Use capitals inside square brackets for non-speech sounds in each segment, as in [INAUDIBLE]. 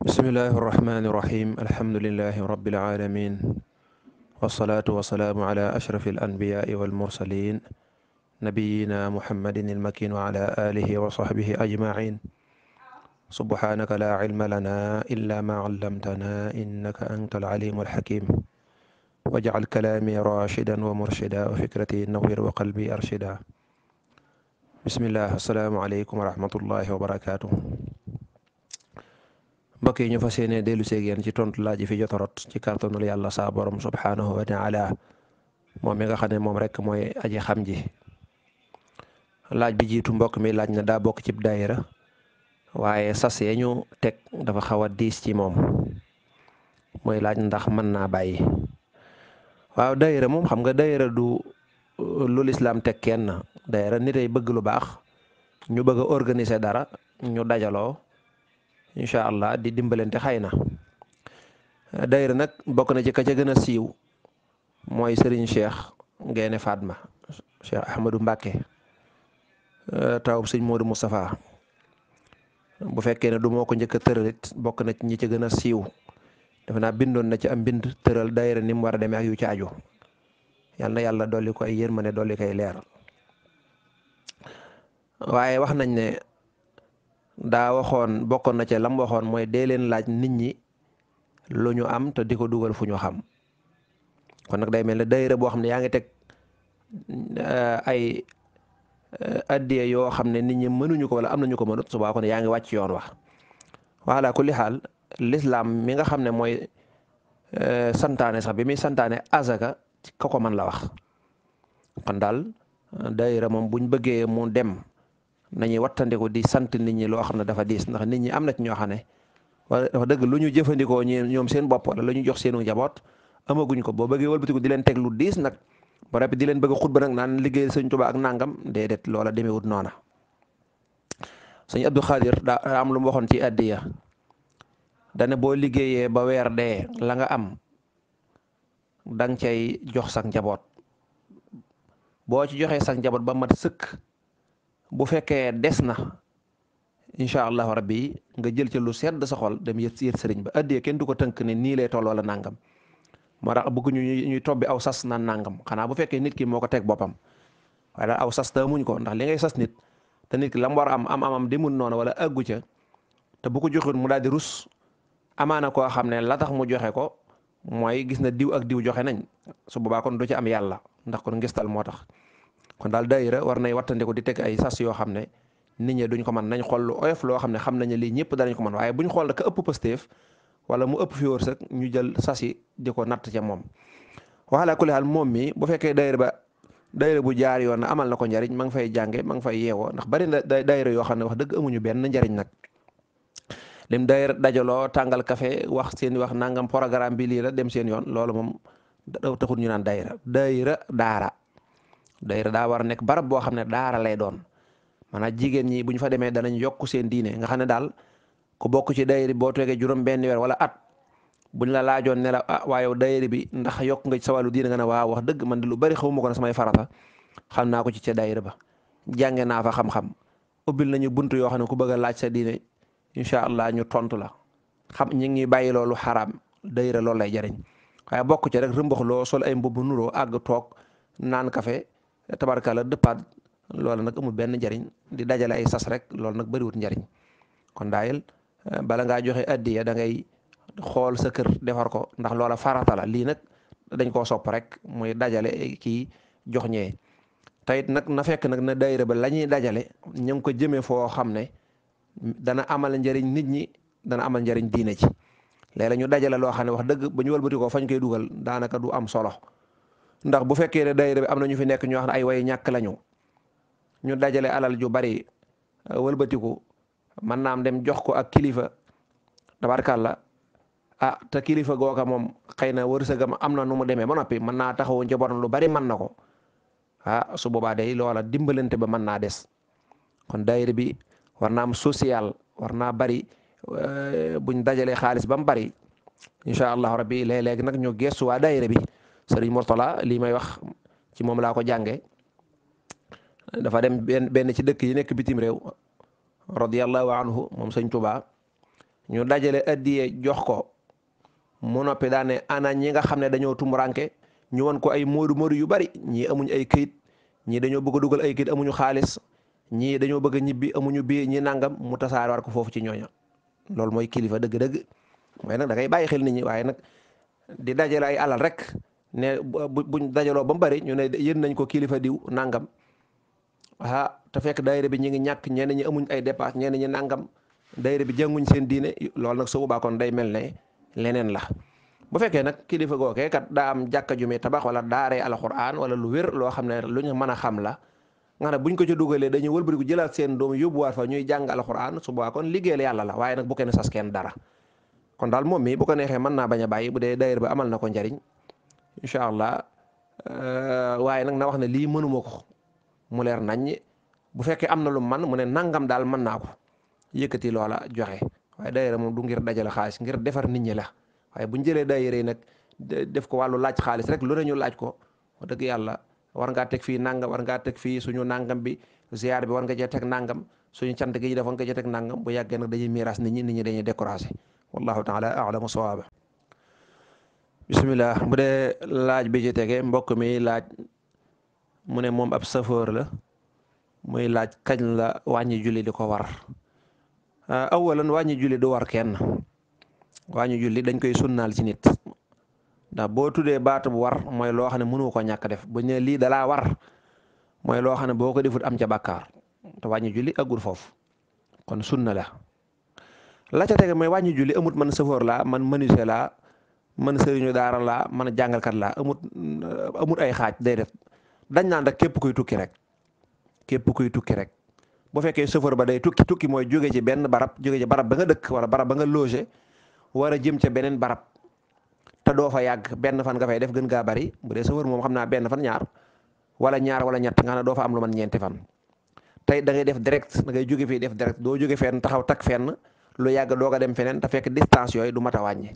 bismillahi irrahmani irrahim alhamdulilahi rabilalamin walsalaatu wassalaamu ala ashrafi alanbiyaai walmursalin nabiyina muhammadin ilmakin wa ala alihi wa sahbihi ajmain subhanaka la cilma lana illa ma callamtana innaka anta alcalimu alxakim wajcal kalaami rashidan wa murshida wa fikrati nawir wa qalbi arshida bismillah assalaamu aleykum wa rahmatullahi wa barakatuh mbokk yi ñu fas yéene dellu seeg yéen ci tontu laaj yi fi jotorot ci kàttanul yàlla saa borom subhaanahu wa taala moom mi nga xam ne moom rek mooy aji xam ji laaj bi jiitu mbokk mi laaj na daa bokk cib daayira waaye sas yee ñu teg dafa xaw a diis ci moom mooy laaj ndax mën naa bàyyi waaw daayira moom xam nga daayira du lu lislaam teg kenn daayira nit ay bëgg lu baax ñu bëgg a organiser dara ñu dajaloo incha allah di dimbalante xay na dayra nag bokk na jëkk a ca gën a siiw mooy Serigne Cheikh Gaynde Fatma Cheikh Ahmadou Mbacke euh, tawub sëñ Modou Moustapha bu fekkee ne du moo ko njëkk a tëralit bokk na ci ñi ca gën a siiw def naa bindoon na ci am bind tëral dayra ni mu war a demee ak yu caaju yal na yàlla dolli ko ay yërmande dolli koy leer waaye wax nañ ne. daa waxoon bokkoon na ca lam waxoon mooy dee leen laaj nit ñi lu ñu am te di ko dugal fu ñu xam kon nag day mel ne daayira boo xam ne yaa ngi teg eh, ay eh, addiya yoo xam ne nit ñi mënuñu ko wala am nañu ko mënut subaa kon yaa ngi wàcc yoon wax wala kulli xaal lislaam mi nga xam ne mooy eh, santaane sax bi muy santaane azaka ka ko la wax kon daal daayira moom buñ bëggee mu dem nañuy wattandiku di sant nit ñi loo xam ne dafa diis ndax nit ñi am na ci ñoo xam ne wala dafa dëgg lu ñu jëfandikoo ñoom seen bopp wala lu ñu jox seenu njaboot amaguñ ko boo bëggee wëlbatiku di leen teg lu nag ba di leen bëgg a xutba nag naan liggéey sëñ Tuubaa ak nangam déedéet loola demewut noona sëñ Abdou Khadir am lu mu waxoon ci addiya dane boo liggéeyee ba weer dee la nga am dang cay jox sax njaboot boo ci joxee sax njaboot ba mat sëkk bu fekkee des na incha allahu rabbi nga jël ci lu sedd sa xol dem yët yët sëriñ ba addee kenn du ko tënk ne nii lay toll wala nangam moo tax bëgguñu ñuy tobbi aw sas naan nangam xanaa bu fekkee nit ki moo ko teg boppam waaye aw sas muñ ko ndax li ngay sas nit te nit ki la mu war a am am amam demul noonu wala àggu ca te bu ko joxoon mu daal di rus amaana koo xam ne la tax mu joxe ko mooy gis na diw ak diw joxe nañ su boobaa kon du ci am yàlla ndax kon ngistal moo tax kon daal daayira war nay wattandiku di teg ay sas yoo xam ne nit ñi duñ ko mën nañ xool lu oyof loo xam ne xam nañ lii ñëpp danañ ko mën waaye buñ xool rek ëpp pësteef wala mu ëpp fi wërsëg ñu jël sasi yi di ko natt ca moom waxalaa kulli xaal moom mi bu fekkee daayira ba daayira bu jaar yoon amal na ko njariñ ma nga fay jànge ma nga fay yeewoo ndax bari na daayira yoo xam ne wax dëgg amuñu benn njariñ nag lim daayira loo tàngal kafe wax seen wax nangam programme bi lii la dem seen yoon loolu moom taxul ñu naan daayira daayira daara daayira daa war a nekk barab boo xam ne daara lay doon maanaam jigéen ñi bu ñu fa demee danañ yokk seen diine nga xam ne daal ku bokk ci daayira boo toogee juróom benn weer wala at buñ la laajoon ne la ah waaye yow bi ndax yokk nga ci wàllu diine nga ne waaw wax dëgg man de lu bari xaw ma ko ne samay farata xam naa ko ci ca daayira ba jànge naa fa xam-xam ubbil ñu buntu yoo xam ne ku bëgg laaj sa diine incha allah ñu tontu la xam ñu ngi bàyyi loolu xaraam daayira loolu lay jariñ waaye bokk ci rek rëmbax loo sol ay mbubb nuroo àgg toog naan kafe tabarkalla dëppaat loolu nag amul benn njariñ di dajale ay sas rek loolu nag bariwut njariñ kon daayel eh, bala ngaa joxe addiya da ngay xool sa kër defar ko ndax loola faratala lii nag dañ koo sopp rek mooy dajale kii jox ñee tayit nag na fekk nag na daayira ba la ñuy dajale ñu ngi ko jëmee foo xam ne dana amal njariñ nit ñi dana amal njariñ diine ci léeg-léeg ñu dajale loo xam ne wax dëgg ba ñu wëlbati fañ koy dugal daanaka du am solo ndax bu fekkee ne daayira bi am na ñu fi nekk ñu wax ne ay way ñàkk lañu ñu dajale alal ju bari uh, walbatiku man naam dem jox ko ak kilifa tabarkàlla ah te kilifa googa moom xëy na wërsëgam am na nu mu demee ba noppi mën naa taxawuñ ci lu bari man na ko ah su boobaa day loola dimbalante ba mën naa des kon daayira bi war naa am social war naa bari uh, buñ dajalee xaalis ba mu bari incha allah rabbi léeg-léeg nag ñu gestu waa daayira bi sëriñ Mourtala lii may wax ci moom laa ko jànge dafa dem benn benn ci dëkk yi nekk bitim réew radiyallahu anhu moom sëñ Touba ñu dajale addiye jox ko mu noppi daane ana ñi nga xam ne dañoo tumuranke ñu won ko ay moodu moodu yu bari ñii amuñ ay këyit ñii dañoo bëgg dugal ay këyit amuñu xaalis ñii dañoo bëgg ñibbi amuñu bi ñi nangam mu tasaare war ko foofu ci ñooña loolu mooy kilifa dëgg-dëgg mooy nag da ngay bàyyi xel nit ñi waaye nag di dajale ay alal rek ne buñ dajaloo ba mu bari ñu ne yéen nañ ko kilifa diw nangam ah te fekk daayira bi ñu ngi ñàkk ñenn ñi amuñ ay dépense ñenn ñi nangam daayira bi jànguñ seen diine loolu nag suubaa kon day mel ne leneen la. bu fekkee nag kilifa gookee kat daa am jàkka ju muy tabax wala daaree alxuraan wala lu wér loo xam ne lu ñu mën a xam la nga ne buñ ko ci dugalee dañuy wëlbatiku jëlaat seen doom yóbbuwaat fa ñuy jàng alxuraan su boobaa kon liggéeyal yàlla la nag bu kenn sas kenn dara kon daal moom mi bu ko neexee mën naa bañ a bàyyi bu dee daayira bi amal na ko njariñ incha allah euh, waaye nag na wax ne lii mënuma ko mu leer nañ naññ bu fekkee am na lu man mu ne nangam daal mën naa ko yëkkati loola joxe waaye daayira moom du ngir dajale xaalis ngir defar nit ñi la waaye bu ñu jëlee yi nag def ko wàllu laaj xaalis rek lu ñu laaj ko wax dëgg yàlla war ngaa teg fii nangam war ngaa teg fii suñu nangam bi ziar bi war nga cee teg nangam suñu cant gi ñu def war nga teg nangam bu yàggee nag dañuy miiras nit ñi nit ñi dañuy découragé wallahu taala a'lamu sawaaba bisimilah bu dee laaj bi ci tege mbokk mi laaj mu ne moom ab safoor la muy laaj kañ la wàññi julli di ko war ah, awalan wàññi julli du war kenn wàññi julli dañ koy sunnaal ci nit ndax boo tuddee baatu bu war mooy loo xam ne mënu ko ñàkk def bu ñu lii dalaa war mooy loo xam ne boo ko defut am ca bàkkaar te wàññi julli agul foofu kon sunna la mooy wàññi julli amut man safoor laa man menuisier man sëriñu daara laa man jàngalkat laa amut euh, amut ay xaaj day def dañ naan rek képp kuy tukki rek képp kuy tukki rek bu fekkee chauffeur ba day tukki tukki mooy jóge ci benn barab jóge ci barab ba nga dëkk wala barab ba nga logé war a jëm ca beneen barab te doo fa yàgg benn fan nga fay def gën gaa bari bu dee chauffeur moom xam naa benn fan ñaar wala ñaar wala ñett nga xam ne doo fa am lu man ñeenti fan te dangay def direct da ngay jóge fii def direct doo jóge feen taxaw tak fenn lu yàgg doog a dem feneen fekk distance yooyu du wàññi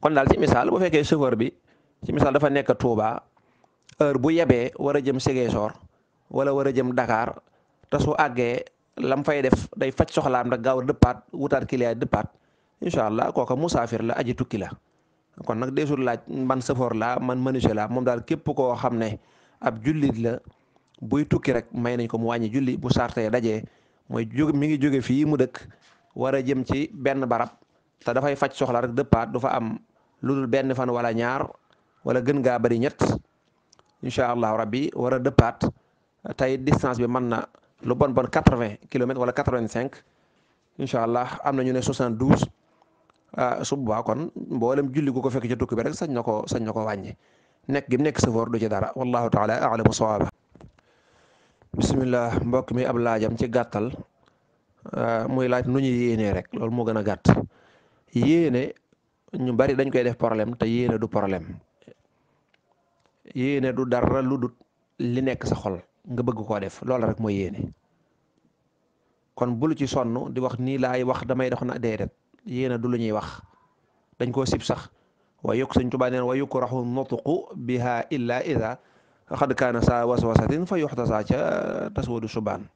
kon daal ci misaal bu fekkee chauffeur bi ci missal dafa nekk Touba heure bu yebee war a jëm Ziguinchor wala war a jëm dakaar te su àggee lam fay def day faj soxlaam rek gaaw a dëppaat wutaat client dëppaat incha allah kooka musaafir la aji tukki la kon nag deesul laaj man chauffeur la man menuisier la moom daal képp koo xam ne ab jullit la buy tukki rek may nañ ko mu wàññi julli bu sartee dajee mooy jóg mi ngi jóge fii mu dëkk war a jëm ci benn barab te dafay faj soxla rek dëppaat du am lu dul benn fan wala ñaar wala gën gaa bari ñett incha allahu rabbi war a dëppaat tey distance bi man na lu bon bon quatre vingt kilomètres wala quatre vingt cinq incha allah am na ñu ne soixante douze ah, su boobaa kon mboolem julli gu ko fekk ca tukki bi sañ na ko sañ na ko wàññi nekk gi nekk safoor du ci dara wallahu taala alamu sawaaba bismillah mbokk mi ab laajam ci gàttal ah, muy laaj nu ñu yéenee rek loolu moo gën a gàtt yéene ñu bari dañ koy def problème te yéene du problème yéene du dara lu dut li nekk sa xol nga bëgg koo def loola rek mooy yéene kon bu lu ci sonn di wax nii laay wax damay dox na déedéet yéene du lu ñuy wax dañ koo sib sax wa yuk Sëñ Tuubaa neen wa yukrahu nutqu biha illa ida xad kaana saa waswasatin fa yuxtasa ca taswadu subaan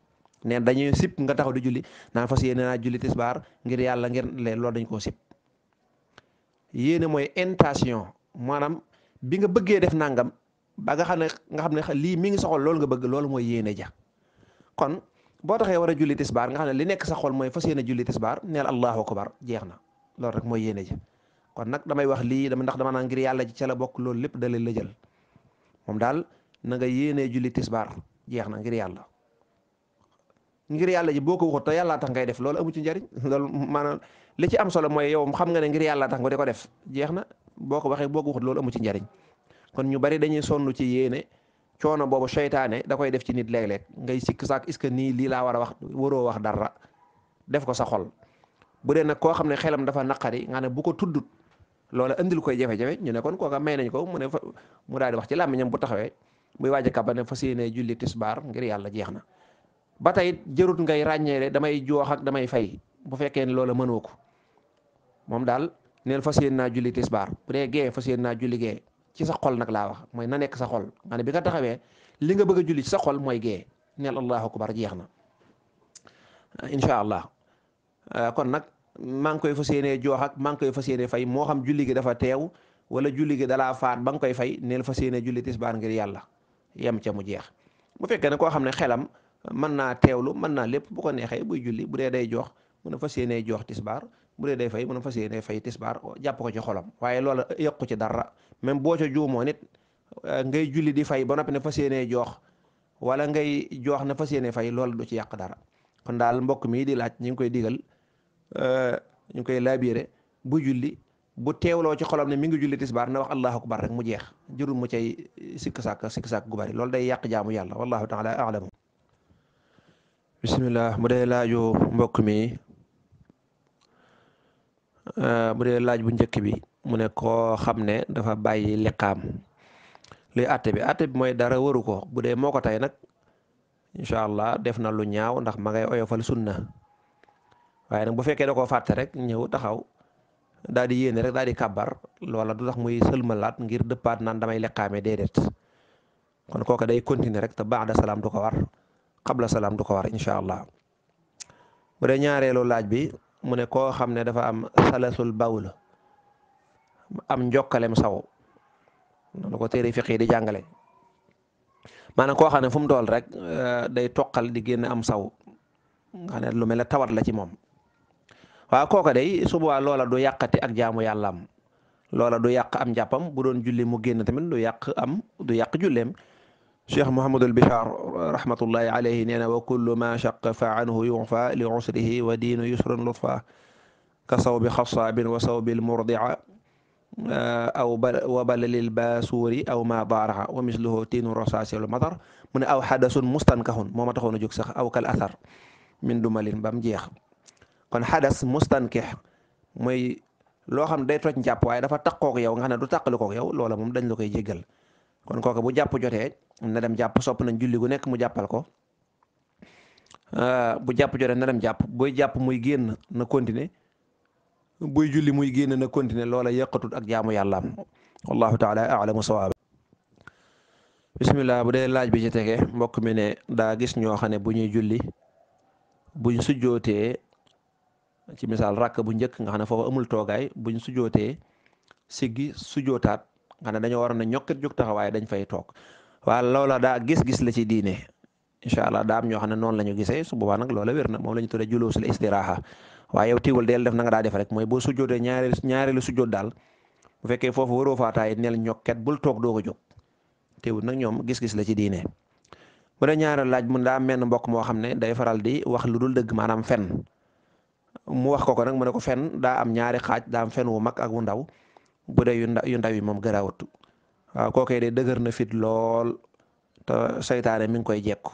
neen dañuy sib nga taxa du julli naan fas yéene naa julli tisbaar ngir yàlla ngir lee loolu dañ koo sib yéene mooy intention maanaam bi nga bëggee def nangam ba nga xam ne nga xam ne lii mi ngi soxal loolu nga bëgg loolu mooy yéene ja kon boo taxee war a julli tisbaar nga xam ne li nekk sa xol mooy fas yéene julli tisbaar neel allahu akbar jeex na loolu rek mooy yéene ja kon nag damay wax lii dama ndax dama naa ngir yàlla ci ca la bokk loolu lépp da la jël moom daal na nga yéenee julli tisbaar jeex na ngir yàlla ngir yàlla ji boo ko waxut te yàllaa tax ngay def loolu amu ci njariñ [LAUGHS] loolu maanaam li ci am solo mooy yow xam nga ne ngir yàlla tax nga di ko def jeex na boo ko waxee boo loolu amu ci njariñ kon ñu bari dañuy sonn ci yéene coono boobu seytaane da koy def ci nit léeg ngay sikk saak est nii lii laa war a wax waroo wax dara def ko sa xol bu dee koo xam ne xelam dafa naqari nga ne bu ko tuddut loola andil koy jafe-jafe ñu ne kon kooka may nañ ko mu ne fa mu daal di wax ci làmmiñam bu taxawee muy waaj a kaba ne fas yéenee julli ngir yàlla jeex na ba tey jërut ngay ràññeele damay joox ak damay fay bu fekkee ne loola mënoo ko moom daal neel fas yéene naa julli tisbaar bu dee gee fas yéene naa julli gee ci sa xol nag laa wax mooy na nekk sa xol maanaam bi nga taxawee li nga bëgg a julli ci sa xol mooy gee neel allahu akbar jeex na incha allah euh, kon nag maa ngi koy fas yéenee joox ak maa koy fas yéenee fay moo xam julli gi dafa teew wala julli gi dalaa faat ba nga koy fay neel fas yéenee julli tisbaar ngir yàlla yem ca mu jeex bu fekke ne koo xam ne xelam mën naa teewlu mën naa lépp bu ko neexee buy julli bu dee day joox mën a fas yéenee joox tisbaar bu dee day fay mën a fas yéene fay tisbaar jàpp ko ci xolam waaye loola yëqu ci dara même boo ca juumoo nit euh, ngay julli di fay ba noppi na fas yéene joox wala ngay joox na fas yéene fay loola du ci yàq dara kon daal mbokk mii di laaj ñu ngi koy digal euh, ñu ngi koy laabiré bu julli bu teewloo ci xolom ne mi ngi julli tisbaar na wax allahu akbar rek mu jeex jërul mu cay sikk sàkk sikk sàkk gu bari loolu day yàq jaamu yàlla wallahu taala alamu bismillah mu dee laaju mbokk mi Euh, bu dee laaj bu njëkk bi mu ne koo xam ne dafa bàyyi lekkaam luy àtte bi àtte bi mooy dara waru ko bu dee moo ko tey nag incha allah def na lu ñaaw ndax ma ngay oyofal sunna waaye nag bu fekkee da koo fàtte rek ñëw taxaw daal di yéene rek daal di kàbbar loola du tax muy laat ngir dëppaat naan damay liqaame déedéet kon kooka day continuer rek te baax da salaam du ko war qabla salaam du ko war incha allah bu dee ñaareelu laaj bi. mu ne koo xam ne dafa am salasul bawl am njokkalem saw noonu ko téere fiqi di jàngale maanaam koo xam ne fu mu dool rek euh, day toqal di génn am saw nga xam ne lu mel ne tawat la ci moom waaw kooka day suba loola du yàqati ak jaamu yàllaam loola du yàq am njàppam bu doon julli mu génn tamit du yàq am du yàq julleem cheikh mohamadul bichar rahmatullahi alayhi nee wa kullu ma shaq fa anhu yufa wa diinu yusrun lutfa ka saw bi xasaabin wa saw bil murdia eh, aw wa balalil aw ma daaraha wa misluhu tiinu rosaasi wal matar mu ne aw xadasun mustankahun moo ma taxoon a jóg sax aw kal athar min dumalin ba mu jeex kon xadas mustankih mooy loo xam day toj njàpp waaye dafa taqook yow nga xam ne du tàqalikook yow loola moom dañ la koy jéggal kon kooku bu jàpp jotee na dem jàpp sopp nañ julli gu nekk mu jàppal ko ah, bu jàpp jore na dem jàpp booy jàpp muy génn na continuer buy julli muy génn na continuer loola yëqatut ak jaamu yàllaam wallahu taala alamu sawaab bismillah bu dee laaj bi ci tege mbokk mi ne daa gis ñoo xam ne bu ñuy julli buñ sujjootee ci misaal rakk bu njëkk nga xam ne foofu amul toogaay buñ sujjootee siggi sujjootaat nga xam ne dañoo waroon a ñokkit jug taxawaay dañ fay toog waa loola daa gis-gis la ci diine incha allah daa am ñoo xam ne noonu la ñu gisee su boobaa nag loola wér na moom la ñu tuddee julusul istiraaxa waaye yow tiiwal deel def na nga daa def rek mooy boo sujjoodee ñaareelu ñaareelu sujjood daal bu fekkee foofu waroo faataay nel ñokket bul toog doo ko jóg teewul nag ñoom gis-gis la ci diine bu dee ñaareelu laaj mun daa menn mbokk moo xam ne day faral di wax lu dul dëgg maanaam fen mu wax ko ko nag mu ne ko fen daa am ñaari xaaj daam fen wu mag ak wu ndaw bu dee yu ndaw yi moom garaawut waaw kookee de dëgër na fit lool te seytaane mi ngi koy jekku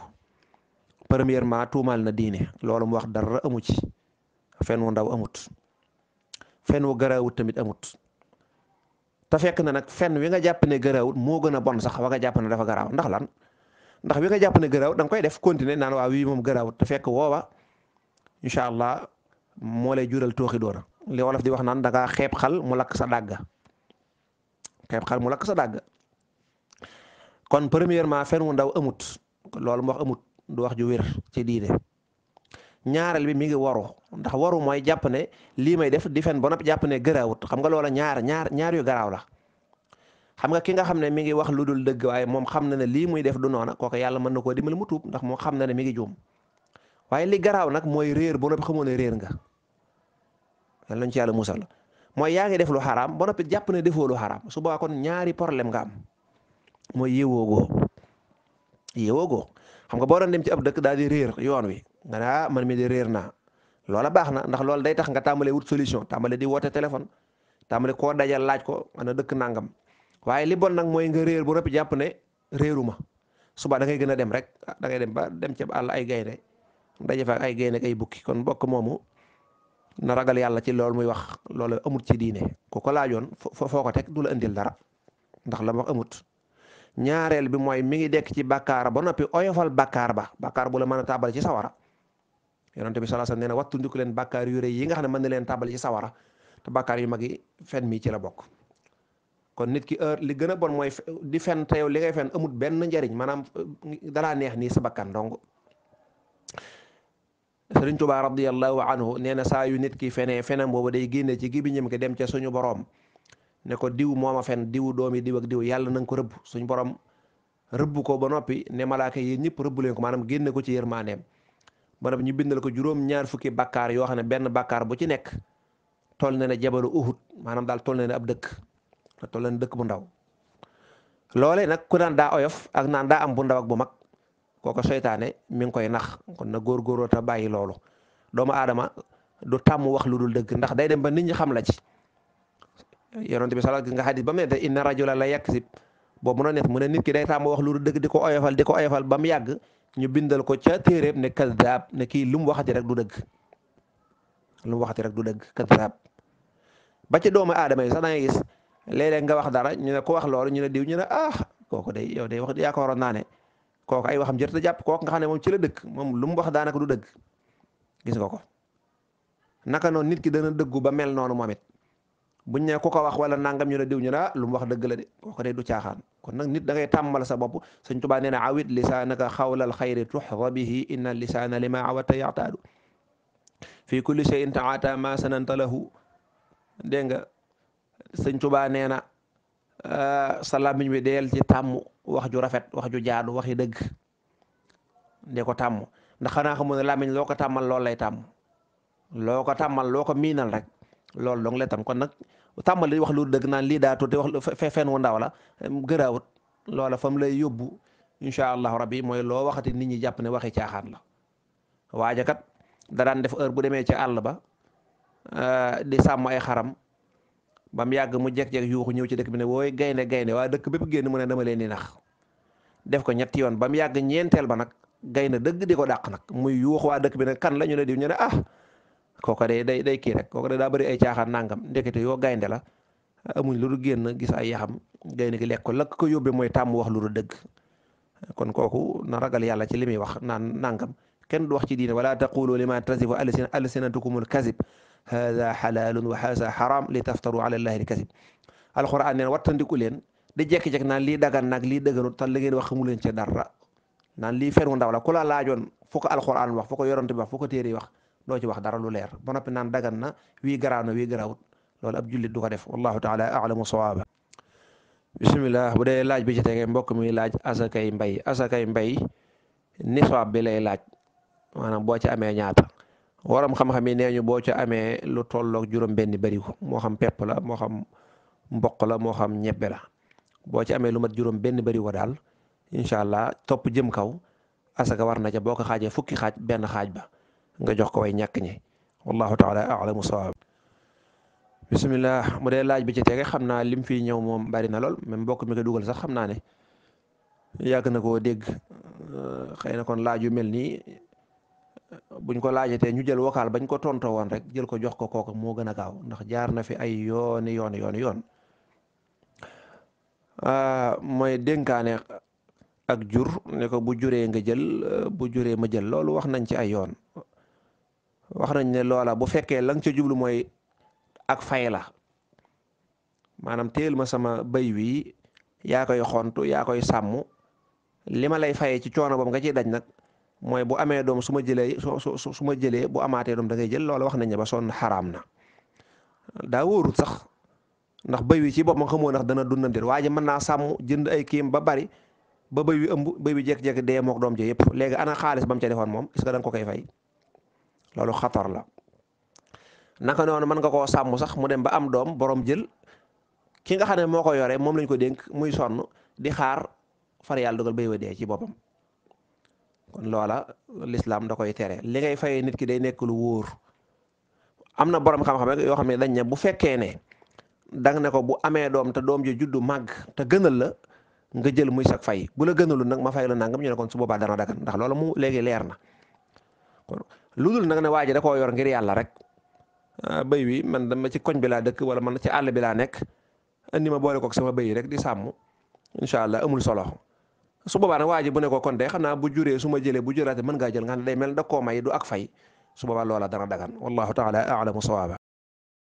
premièrement tuumaal na diine loolu mu wax dara amu ci fen wu ndaw amut fen wu garaawut tamit amut te fekk na nag fen wi nga jàpp ne garaawut moo gën a bon sax wa jàpp ne dafa garaaw ndax lan ndax wi nga jàpp ne garaawut da koy def continuer naan waa wii moom garaawut te fekk woowa incha allah moo lay jural tooxi doona li di wax naan da ngaa xal mu lakk sa dàgga xeeb xar mu sa dàgg kon premièrement fen wu ndaw amut loolu mu amut du wax ju wér ci diine ñaareel bi mi ngi waru ndax waru mooy jàpp ne lii may def di ba noppi jàpp ne gëraawut xam nga loola ñaar ñaar ñaar yu garaaw la xam nga ki nga xam ne mi ngi wax lu dul dëgg waaye moom xam na ne lii muy def du noona kooku yàlla mën na koo dimbali mu tuub ndax moo xam na ne mi ngi juum waaye li garaaw nag mooy réer ba noppi xamoo ne réer nga yàlla nañ ci yàlla musal mooy yaa ngi def lu xaraam ba noppi jàpp ne defoo lu xaraam su boobaa kon ñaari problème nga am mooy yeewoogoo yeewoogoo xam nga boo doon dem ci ab dëkk daal di réer yoon wi nga ah, man mi di réer naa loola baax na ndax loolu day tax nga tàmbalee solution tàmbale di woote téléphone tàmbale koo dajal laaj ko ana dëkk nangam waaye li bon nag mooy nga réer bu noppi jàpp ne réeruma suba da gën a dem rek ah, da ngay dem ba dem ci àll ay gaynde daje fa ay gaynde ay bukki kon mbokk moomu na ragal yàlla ci loolu muy wax loolu amut ci diine ku ko laajoon foo ko teg du la indil dara ndax la ma amut ñaareel bi mooy mi ngi dekk ci bàkkaar ba noppi oyofal bakkaar ba bàkkaar bu la mën a tàbbal ci sawara yonent bi sallallahu alayhi wasallam nee na wattu leen bàkkaar yu yi nga xam ne mën na leen tàbbal ci sawara te bakkaar yu mag yi fen mi ci la bokk kon nit ki li gën a bon mooy di fen te li ngay fen amut benn njariñ maanaam eh, dalaa neex nii sa bakkan sëriñ Tuubaa radiyallahu anhu nee na saa ne ko diw mooma fen diw doomi diw ak diw yàlla na ko rëbb suñu borom rëbb ko ba noppi ne malaaka yi ñëpp rëbb ko maanaam génne ko ci yërmandeem ba ñu bindal ko juróom ñaar fukki bakkaar yoo xam ne benn bakkaar bu ci nekk toll na ne jabalu Uhud maanaam daal toll na ab dëkk toll na ne dëkk bu ndaw loole nag ku naan daa oyof ak naan daa am bu ndaw ak bu mag kooka seytaane mi ngi koy nax kon na góor góor ta bàyyi loolu doomu aadama du tàmm wax lu dul dëgg ndax day dem ba nit ñi xam la ci yonent bi sala gis nga xadis ba mu ne inna rajula la yaksib boobu mënoon ne mu ne nit ki day tàmm wax lu dul dëgg di ko oyofal di ko oyofal ba mu yàgg ñu bindal ko ca téeréeb ne kaddaab kii lu mu waxati rek du dëgg lu mu rek du dëgg kaddaab ba ci doomu aadama yi sax da ngay gis léeg nga wax dara ñu ne ko wax loolu ñu ne diw ñu ne ah kooku day yow day wax yaa ko naa ne kooku ay waxam jërëjëf jàpp kooku nga xam ne moom ci la dëkk moom lu mu wax daanaka du dëgg gis nga ko naka noonu nit ki dana dëggu ba mel noonu moom it buñ ne ku ko wax wala nangam ñu ne diw ñu a ah lu mu wax dëgg la de kooku day du caaxaan kon nit da ngay sa bopp Sëñ Tuubaa nee na awit lisaanaka xawlal xayri tuhfa bihi inna lisaana lima awata yaxtaadu fii kulli shay'in taata ma sananta lahu dégg nga Sëñ Euh, sa làmmiñ wi deel ci tàmm wax ju rafet wax ju jaadu waxi dëgg de ko tàmm ndax xanaa xamu ne làmmiñ loo ko tàmmal loolu lay tàmm loo ko tàmmal loo ko miinal rek loolu dong lay tam kon nag yi wax lu dëgg naan lii daa tuuti wax fe fen wu ndaw la gëraawut loola fam lay yóbbu incha allahu rabbi mooy loo waxati nit ñi jàpp ne waxi caaxaan la waaja kat da daan def demee ci àll ba euh, di sàmm ay xaram ba mu yàgg mu jekk-jekk yuuxu ñëw ci dëkk bi ne wooy gaynde gaynde waa dëkk bépp génn mu ne dama leen di nax def ko ñetti yoon ba mu yàgg ñeenteel ba nag gaynde dëgg di ko dàq nag muy yuux waa dëkk bi ne kan la ñu ne diw ñu ne ah kooko day day day kii rek kooko day daa bëri ay caaxaan nangam ndekete yoo gaynde la amuñ lu dul génn gis ay yaxam gaynde ki lekko lakk ko yóbbee mooy tàmm wax lu dul dëgg kon kooku na ragal yàlla ci li muy wax naan nangam kenn du wax ci diine wala taqulu lima tasifu alsinatukumul kasib haza xalaalun wa haza xaram li taftaru ala llahi alkasib alquran neen wattandiku leen di jekki jekk naan lii dagan nag lii dëgganut tan li ngeen wax xamu leen ci dara naan lii fen wu ndaw la ku la laajoon fu ko alquran wax fu ko yoronte bi wax fu ko téere wax doo ci wax dara lu leer ba noppi naan dagan na wii garaaw na wii loolu ab jullit du ko def wallahu taala alamu sawaaba bisimilah bu dee laaj bi ci tege mbokk mi laaj asakay mbay asakay mbay nisaab bi lay laaj maanaam boo ci amee ñaata waram xam-xam yi nee boo ca amee lu tolloog juróom-benn barigo moo xam pepp la moo xam mboq la moo xam ñebbe la boo ci amee lu mat juróom-benn barigo daal incha allah topp jëm kaw asaka war na ca boo ko xaajee fukki xaaj benn xaaj ba nga jox ko way ñàkk ñi wallahu taala alamu sawaab bisimilah mu dee laaj bi ci tege xam naa lim fii ñëw moom bari na lool même mbokk mi ko dugal sax xam naa ne yàgg na ko dégg xëy na kon laaj yu mel nii buñ ko laajatee ñu jël vocal bañ ko tontoo woon rek jël ko jox ko kook moo gën a kaaw ndax jaar na fi ay yooni yooni yooni yoon ah, mooy dénkaane ak jur ne ko bu juree nga jël bu juree ma jël loolu wax nañ ci ay yoon wax nañ ne loola bu fekkee la nga ca jublu mooy ak fay la maanaam téel ma sama bay wi yaa koy xont yaa koy sàmm li ma lay fayee ci coono boobu nga ciy daj nag mooy bu amee doom su ma jëlee su su ma jëlee bu amaatee doom da ngay jël loola wax nañ ne ba sonn xaraam na daa wóorut sax ndax béy wi ci boppam xamoo ndax dana dundam déet waa ji mën naa sàmm jënd ay kiim ba bari ba béy wi ëmb béy wi jékki-jékki dee mook doom ji yëpp léegi ana xaalis ba mu ca moom est ko koy fay loolu xatar la naka noonu mën nga koo sàmm sax mu dem ba am doom borom jël ki nga xam ne moo ko yore moom lañ ko dénk muy sonn di xaar far yàlla dugal béy wa dee ci boppam. loola lislaam da koy tere li ngay fayee nit ki day nekk lu wóor am na boroom xam-xam yoo xam ne dañ ne bu fekkee ne danga ne ko bu amee doom te doom ji juddu màgg te gënal la nga jël muy sag fay bu la gënalul nag ma fay la nangam ñu ne kon su boobaa dana dagan ndax loolu mu léegi leer na lu dul nag ne waa ji da koo yor ngir yàlla rek ah, bay wi man dama ci koñ bi laa dëkk wala man ci àll bi laa nekk andi ma boole kook sama béy rek di sàmm incha allah amul solo. su boobaa nag ne ko kon de xam naa bu juree su ma jëlee bu juraate mën ngaa jël nga xam ne day mel da koo may du ak fay su boobaa loola dana dagan wallahu taala aalamu sawaaba